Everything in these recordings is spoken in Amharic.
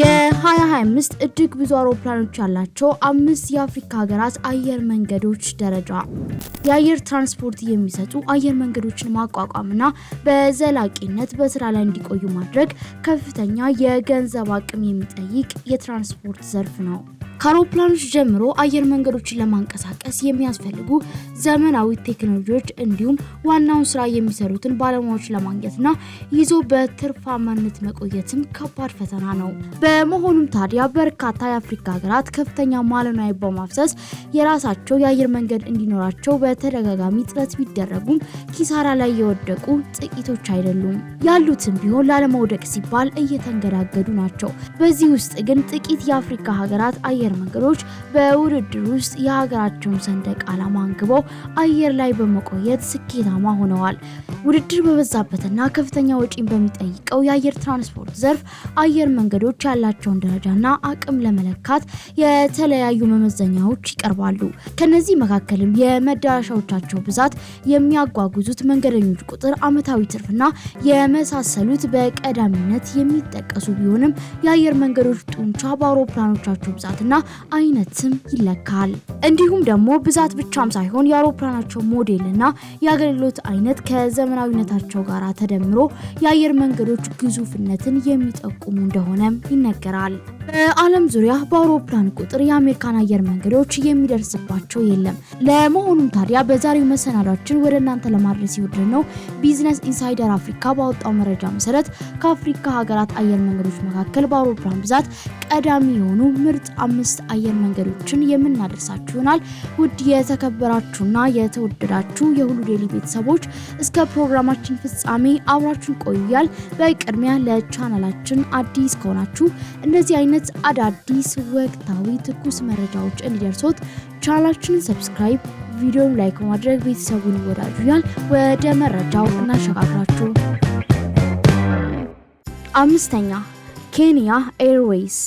የ2025 እጅግ ብዙ አውሮፕላኖች ያላቸው አምስት የአፍሪካ ሀገራት አየር መንገዶች ደረጃ የአየር ትራንስፖርት የሚሰጡ አየር መንገዶችን ማቋቋምና በዘላቂነት በስራ ላይ እንዲቆዩ ማድረግ ከፍተኛ የገንዘብ አቅም የሚጠይቅ የትራንስፖርት ዘርፍ ነው። ከአውሮፕላኖች ጀምሮ አየር መንገዶችን ለማንቀሳቀስ የሚያስፈልጉ ዘመናዊ ቴክኖሎጂዎች እንዲሁም ዋናውን ስራ የሚሰሩትን ባለሙያዎች ለማግኘትና ይዞ በትርፋማነት መቆየትም ከባድ ፈተና ነው። በመሆኑም ታዲያ በርካታ የአፍሪካ ሀገራት ከፍተኛ ማለናዊ በማፍሰስ የራሳቸው የአየር መንገድ እንዲኖራቸው በተደጋጋሚ ጥረት ቢደረጉም ኪሳራ ላይ የወደቁ ጥቂቶች አይደሉም። ያሉትም ቢሆን ላለመውደቅ ሲባል እየተንገዳገዱ ናቸው። በዚህ ውስጥ ግን ጥቂት የአፍሪካ ሀገራት አየር አየር መንገዶች በውድድር ውስጥ የሀገራቸውን ሰንደቅ ዓላማ አንግበው አየር ላይ በመቆየት ስኬታማ ሆነዋል። ውድድር በበዛበትና ከፍተኛ ወጪን በሚጠይቀው የአየር ትራንስፖርት ዘርፍ አየር መንገዶች ያላቸውን ደረጃና አቅም ለመለካት የተለያዩ መመዘኛዎች ይቀርባሉ። ከነዚህ መካከልም የመዳረሻዎቻቸው ብዛት፣ የሚያጓጉዙት መንገደኞች ቁጥር፣ ዓመታዊ ትርፍና የመሳሰሉት በቀዳሚነት የሚጠቀሱ ቢሆንም የአየር መንገዶች ጡንቻ በአውሮፕላኖቻቸው ብዛትና እና አይነትም ይለካል። እንዲሁም ደግሞ ብዛት ብቻም ሳይሆን የአውሮፕላናቸው ሞዴልና የአገልግሎት አይነት ከዘመናዊነታቸው ጋር ተደምሮ የአየር መንገዶች ግዙፍነትን የሚጠቁሙ እንደሆነም ይነገራል። በዓለም ዙሪያ በአውሮፕላን ቁጥር የአሜሪካን አየር መንገዶች የሚደርስባቸው የለም። ለመሆኑም ታዲያ በዛሬው መሰናዳችን ወደ እናንተ ለማድረስ ይወድን ነው። ቢዝነስ ኢንሳይደር አፍሪካ ባወጣው መረጃ መሰረት ከአፍሪካ ሀገራት አየር መንገዶች መካከል በአውሮፕላን ብዛት ቀዳሚ የሆኑ ምርጥ አምስት አየር መንገዶችን የምናደርሳችሁ ይሆናል። ውድ የተከበራችሁና የተወደዳችሁ የሁሉ ዴይሊ ቤተሰቦች እስከ ፕሮግራማችን ፍጻሜ አብራችሁን ቆያል። በቅድሚያ ለቻናላችን አዲስ ከሆናችሁ እንደዚህ አይነት አይነት አዳዲስ ወቅታዊ ትኩስ መረጃዎች እንዲደርሶት ቻናላችንን ሰብስክራይብ፣ ቪዲዮም ላይክ በማድረግ ቤተሰቡን ይወዳጁ። ወደ መረጃው እናሸጋግራችሁ። አምስተኛ ኬንያ ኤርዌይስ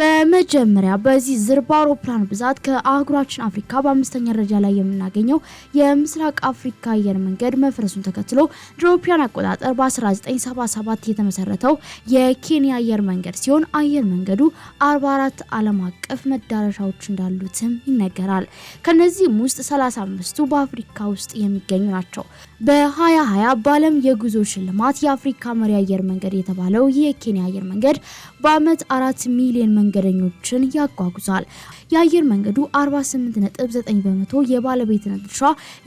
በመጀመሪያ በዚህ ዝር አውሮፕላን ብዛት ከአህጉራችን አፍሪካ በአምስተኛ ደረጃ ላይ የምናገኘው የምስራቅ አፍሪካ አየር መንገድ መፍረሱን ተከትሎ ድሮፒያን አቆጣጠር በ1977 የተመሰረተው የኬንያ አየር መንገድ ሲሆን አየር መንገዱ 44 ዓለም አቀፍ መዳረሻዎች እንዳሉትም ይነገራል። ከነዚህም ውስጥ 35ቱ በአፍሪካ ውስጥ የሚገኙ ናቸው። በ2020 በዓለም የጉዞ ሽልማት የአፍሪካ መሪ አየር መንገድ የተባለው የኬንያ አየር መንገድ በአመት አራት ሚሊዮን መንገደኞችን ያጓጉዛል። የአየር መንገዱ 48.9 በመቶ የባለቤትነት ድርሻ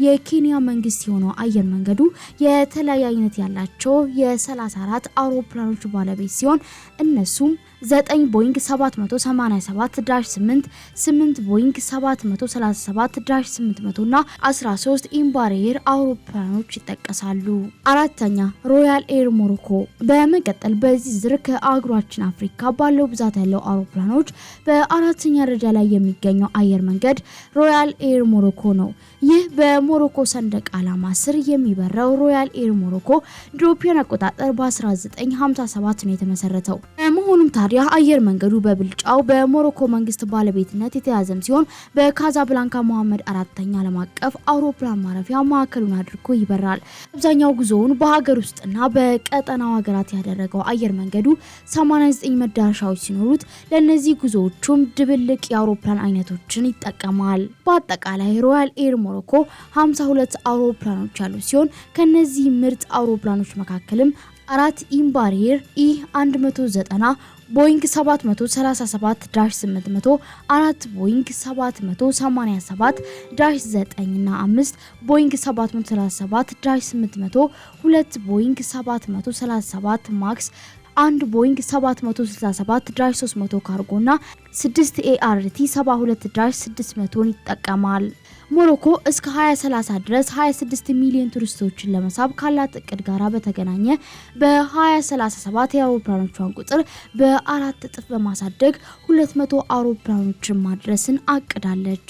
የኬንያ መንግስት የሆነው አየር መንገዱ የተለያየ አይነት ያላቸው የ34 አውሮፕላኖች ባለቤት ሲሆን እነሱም 9 ቦይንግ 787 ዳሽ 8 8 ቦይንግ 737 ዳሽ 800 እና 13 ኢምባሬየር አውሮፕላኖች ይጠቀሳሉ። አራተኛ ሮያል ኤር ሞሮኮ። በመቀጠል በዚህ ዝር ከአህጉራችን አፍሪካ ባለው ብዛት ያለው አውሮፕላኖች በአራተኛ ደረጃ ላይ የሚገኘው አየር መንገድ ሮያል ኤር ሞሮኮ ነው። ይህ በሞሮኮ ሰንደቅ ዓላማ ስር የሚበራው ሮያል ኤር ሞሮኮ ድሮፒያን አቆጣጠር በ1957 ነው የተመሰረተው። በመሆኑም ታዲያ አየር መንገዱ በብልጫው በሞሮኮ መንግስት ባለቤትነት የተያዘም ሲሆን በካዛብላንካ መሐመድ አራተኛ ዓለም አቀፍ አውሮፕላን ማረፊያ ማዕከሉን አድርጎ ይበራል። አብዛኛው ጉዞውን በሀገር ውስጥና በቀጠናው ሀገራት ያደረገው አየር መንገዱ 89 መዳረሻዎች ሲኖሩት ለእነዚህ ጉዞዎቹም ድብልቅ የአውሮፕላን አይነቶችን ይጠቀማል። በአጠቃላይ ሮያል ኤር ሞሮኮ 52 አውሮፕላኖች ያሉ ሲሆን ከነዚህ ምርጥ አውሮፕላኖች መካከልም አራት ኢምባሪየር ኢ 190 ቦይንግ 737 ዳሽ 800 አራት ቦይንግ 787 ዳሽ 9 እና 5 ቦይንግ 737 ዳሽ 800 ሁለት ቦይንግ 737 ማክስ አንድ ቦይንግ 767 ዳሽ 300 ካርጎ እና 6 ኤአርቲ 72 ዳሽ 600ን ይጠቀማል። ሞሮኮ እስከ 2030 ድረስ 26 ሚሊዮን ቱሪስቶችን ለመሳብ ካላት እቅድ ጋር በተገናኘ በ2037 የአውሮፕላኖቿን ቁጥር በአራት እጥፍ በማሳደግ 200 አውሮፕላኖችን ማድረስን አቅዳለች።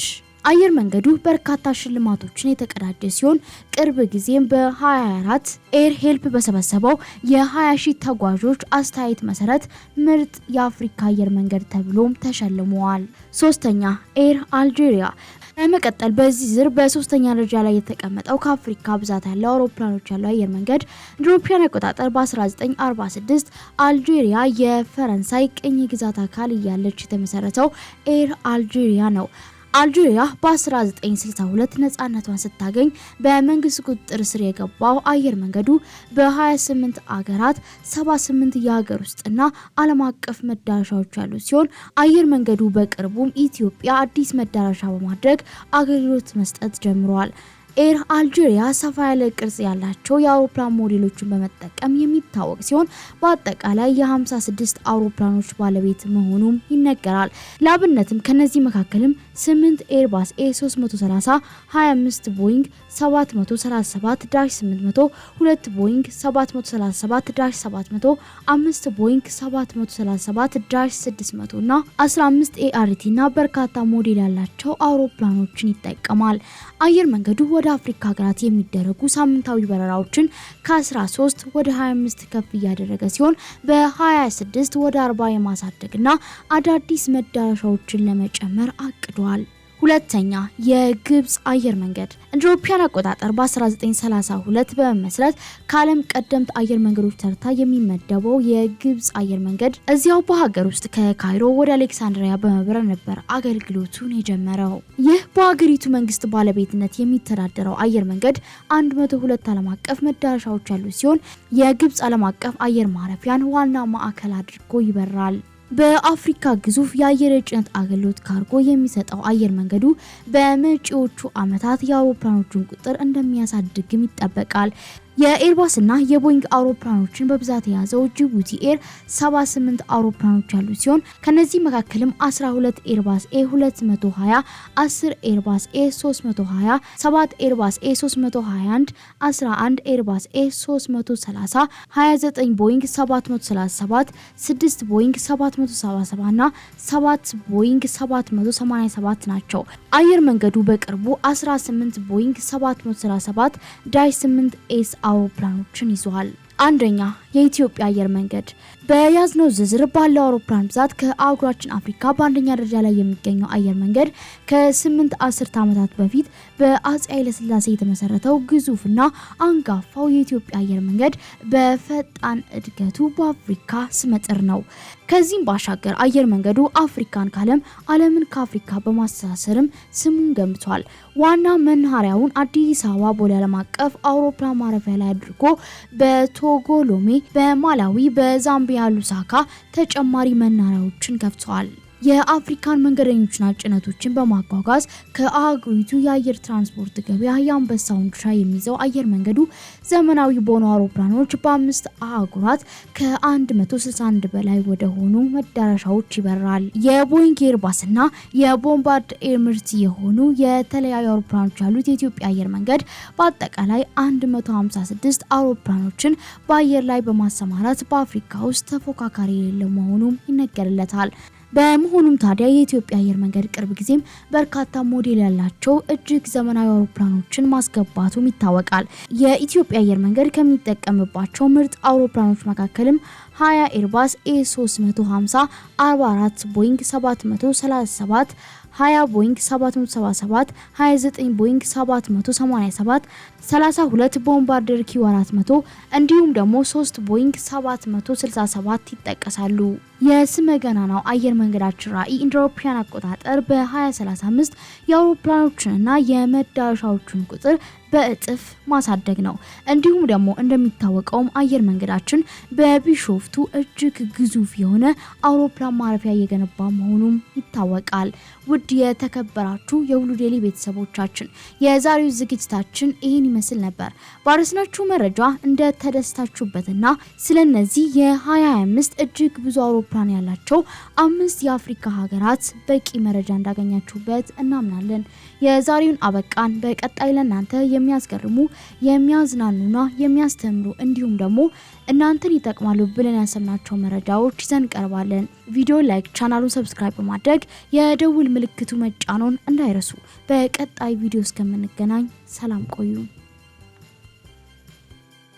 አየር መንገዱ በርካታ ሽልማቶችን የተቀዳጀ ሲሆን ቅርብ ጊዜም በ24 ኤር ሄልፕ በሰበሰበው የ20 ሺህ ተጓዦች አስተያየት መሰረት ምርጥ የአፍሪካ አየር መንገድ ተብሎም ተሸልመዋል። ሶስተኛ ኤር አልጄሪያ በመቀጠል በዚህ ዝር በሶስተኛ ደረጃ ላይ የተቀመጠው ከአፍሪካ ብዛት ያለው አውሮፕላኖች ያለው አየር መንገድ እንደ አውሮፓውያን አቆጣጠር በ1946 አልጄሪያ የፈረንሳይ ቅኝ ግዛት አካል እያለች የተመሰረተው ኤር አልጄሪያ ነው። አልጄሪያ በ1962 ነጻነቷን ስታገኝ በመንግስት ቁጥጥር ስር የገባው አየር መንገዱ በ28 አገራት 78 የሀገር ውስጥና ዓለም አቀፍ መዳረሻዎች ያሉት ሲሆን አየር መንገዱ በቅርቡም ኢትዮጵያ አዲስ መዳረሻ በማድረግ አገልግሎት መስጠት ጀምሯል። ኤር አልጄሪያ ሰፋ ያለ ቅርጽ ያላቸው የአውሮፕላን ሞዴሎችን በመጠቀም የሚታወቅ ሲሆን በአጠቃላይ የ56 አውሮፕላኖች ባለቤት መሆኑም ይነገራል። ለአብነትም ከነዚህ መካከልም 8 ኤርባስ ኤ330፣ 25 ቦይንግ 737 800፣ 2 ቦይንግ 737 700፣ 5 ቦይንግ 737 600 እና 15 ኤአርቲ እና በርካታ ሞዴል ያላቸው አውሮፕላኖችን ይጠቀማል። አየር መንገዱ ወደ አፍሪካ ሀገራት የሚደረጉ ሳምንታዊ በረራዎችን ከ13 ወደ 25 ከፍ እያደረገ ሲሆን በ26 ወደ 40 የማሳደግና አዳዲስ መዳረሻዎችን ለመጨመር አቅዷል። ሁለተኛ የግብጽ አየር መንገድ እንደ አውሮፓውያን አቆጣጠር በ1932 በመመስረት ከዓለም ቀደምት አየር መንገዶች ተርታ የሚመደበው የግብፅ አየር መንገድ እዚያው በሀገር ውስጥ ከካይሮ ወደ አሌክሳንድሪያ በመብረር ነበር አገልግሎቱን የጀመረው። ይህ በሀገሪቱ መንግስት ባለቤትነት የሚተዳደረው አየር መንገድ 102 ዓለም አቀፍ መዳረሻዎች ያሉት ሲሆን የግብፅ ዓለም አቀፍ አየር ማረፊያን ዋና ማዕከል አድርጎ ይበራል። በአፍሪካ ግዙፍ የአየር ጭነት አገልግሎት ካርጎ የሚሰጠው አየር መንገዱ በመጪዎቹ ዓመታት የአውሮፕላኖቹን ቁጥር እንደሚያሳድግም ይጠበቃል። የኤርባስ እና የቦይንግ አውሮፕላኖችን በብዛት የያዘው ጅቡቲ ኤር 78 አውሮፕላኖች ያሉት ሲሆን ከነዚህ መካከልም 12 ኤርባስ ኤ 220፣ 10 ኤርባስ ኤ 320፣ 7 ኤርባስ ኤ 321፣ 11 ኤርባስ ኤ 330፣ 29 ቦይንግ 737፣ 6 ቦይንግ 777 እና 7 ቦይንግ 787 ናቸው። አየር መንገዱ በቅርቡ 18 ቦይንግ 737 ዳሽ 8 ኤስ አውሮፕላኖችን ይዟል። አንደኛ የኢትዮጵያ አየር መንገድ በያዝነው ዝርዝር ባለው አውሮፕላን ብዛት ከአህጉራችን አፍሪካ በአንደኛ ደረጃ ላይ የሚገኘው አየር መንገድ ከስምንት አስርት ዓመታት በፊት በአፄ ኃይለስላሴ የተመሰረተው ግዙፍና አንጋፋው የኢትዮጵያ አየር መንገድ በፈጣን እድገቱ በአፍሪካ ስመጥር ነው። ከዚህም ባሻገር አየር መንገዱ አፍሪካን ካለም ዓለምን ከአፍሪካ በማስተሳሰርም ስሙን ገንብቷል። ዋና መናኸሪያውን አዲስ አበባ ቦሌ ዓለም አቀፍ አውሮፕላን ማረፊያ ላይ አድርጎ በቶጎ ሎሜ፣ በማላዊ፣ በዛምቢያ ሉሳካ ተጨማሪ መናኸሪያዎችን ከፍተዋል። የአፍሪካን መንገደኞችና ጭነቶችን በማጓጓዝ ከአህጉሪቱ የአየር ትራንስፖርት ገበያ የአንበሳውን ድርሻ የሚይዘው አየር መንገዱ ዘመናዊ በሆኑ አውሮፕላኖች በአምስት አህጉራት ከ161 በላይ ወደ ሆኑ መዳረሻዎች ይበራል። የቦይንግ ኤርባስና የቦምባርድ ኤምርት የሆኑ የተለያዩ አውሮፕላኖች ያሉት የኢትዮጵያ አየር መንገድ በአጠቃላይ 156 አውሮፕላኖችን በአየር ላይ በማሰማራት በአፍሪካ ውስጥ ተፎካካሪ የሌለው መሆኑም ይነገርለታል። በመሆኑም ታዲያ የኢትዮጵያ አየር መንገድ ቅርብ ጊዜም በርካታ ሞዴል ያላቸው እጅግ ዘመናዊ አውሮፕላኖችን ማስገባቱም ይታወቃል። የኢትዮጵያ አየር መንገድ ከሚጠቀምባቸው ምርጥ አውሮፕላኖች መካከልም 20 ኤርባስ ኤ350፣ 44 ቦይንግ 737 20 ቦይንግ 777 29 ቦይንግ 787 32 ቦምባርደር ኪ 400 እንዲሁም ደግሞ 3 ቦይንግ 767 ይጠቀሳሉ። የስመ ገናናው አየር መንገዳችን ራዕይ እንደ አቆጣጠር በ2035 የአውሮፕላኖችንና የመዳረሻዎችን ቁጥር በእጥፍ ማሳደግ ነው። እንዲሁም ደግሞ እንደሚታወቀውም አየር መንገዳችን በቢሾፍቱ እጅግ ግዙፍ የሆነ አውሮፕላን ማረፊያ እየገነባ መሆኑም ይታወቃል። ውድ የተከበራችሁ የሁሉ ዴይሊ ቤተሰቦቻችን የዛሬው ዝግጅታችን ይህን ይመስል ነበር። ባረስናችሁ መረጃ እንደተደስታችሁበትና ስለነዚህ የ2025 እጅግ ብዙ አውሮፕላን ያላቸው አምስት የአፍሪካ ሀገራት በቂ መረጃ እንዳገኛችሁበት እናምናለን። የዛሬውን አበቃን። በቀጣይ ለእናንተ የሚያስገርሙ የሚያዝናኑና የሚያስተምሩ እንዲሁም ደግሞ እናንተን ይጠቅማሉ ብለን ያሰብናቸው መረጃዎች ይዘን ቀርባለን። ቪዲዮ ላይክ፣ ቻናሉን ሰብስክራይብ በማድረግ የደውል ምልክቱ መጫኖን እንዳይረሱ። በቀጣይ ቪዲዮ እስከምንገናኝ ሰላም ቆዩ።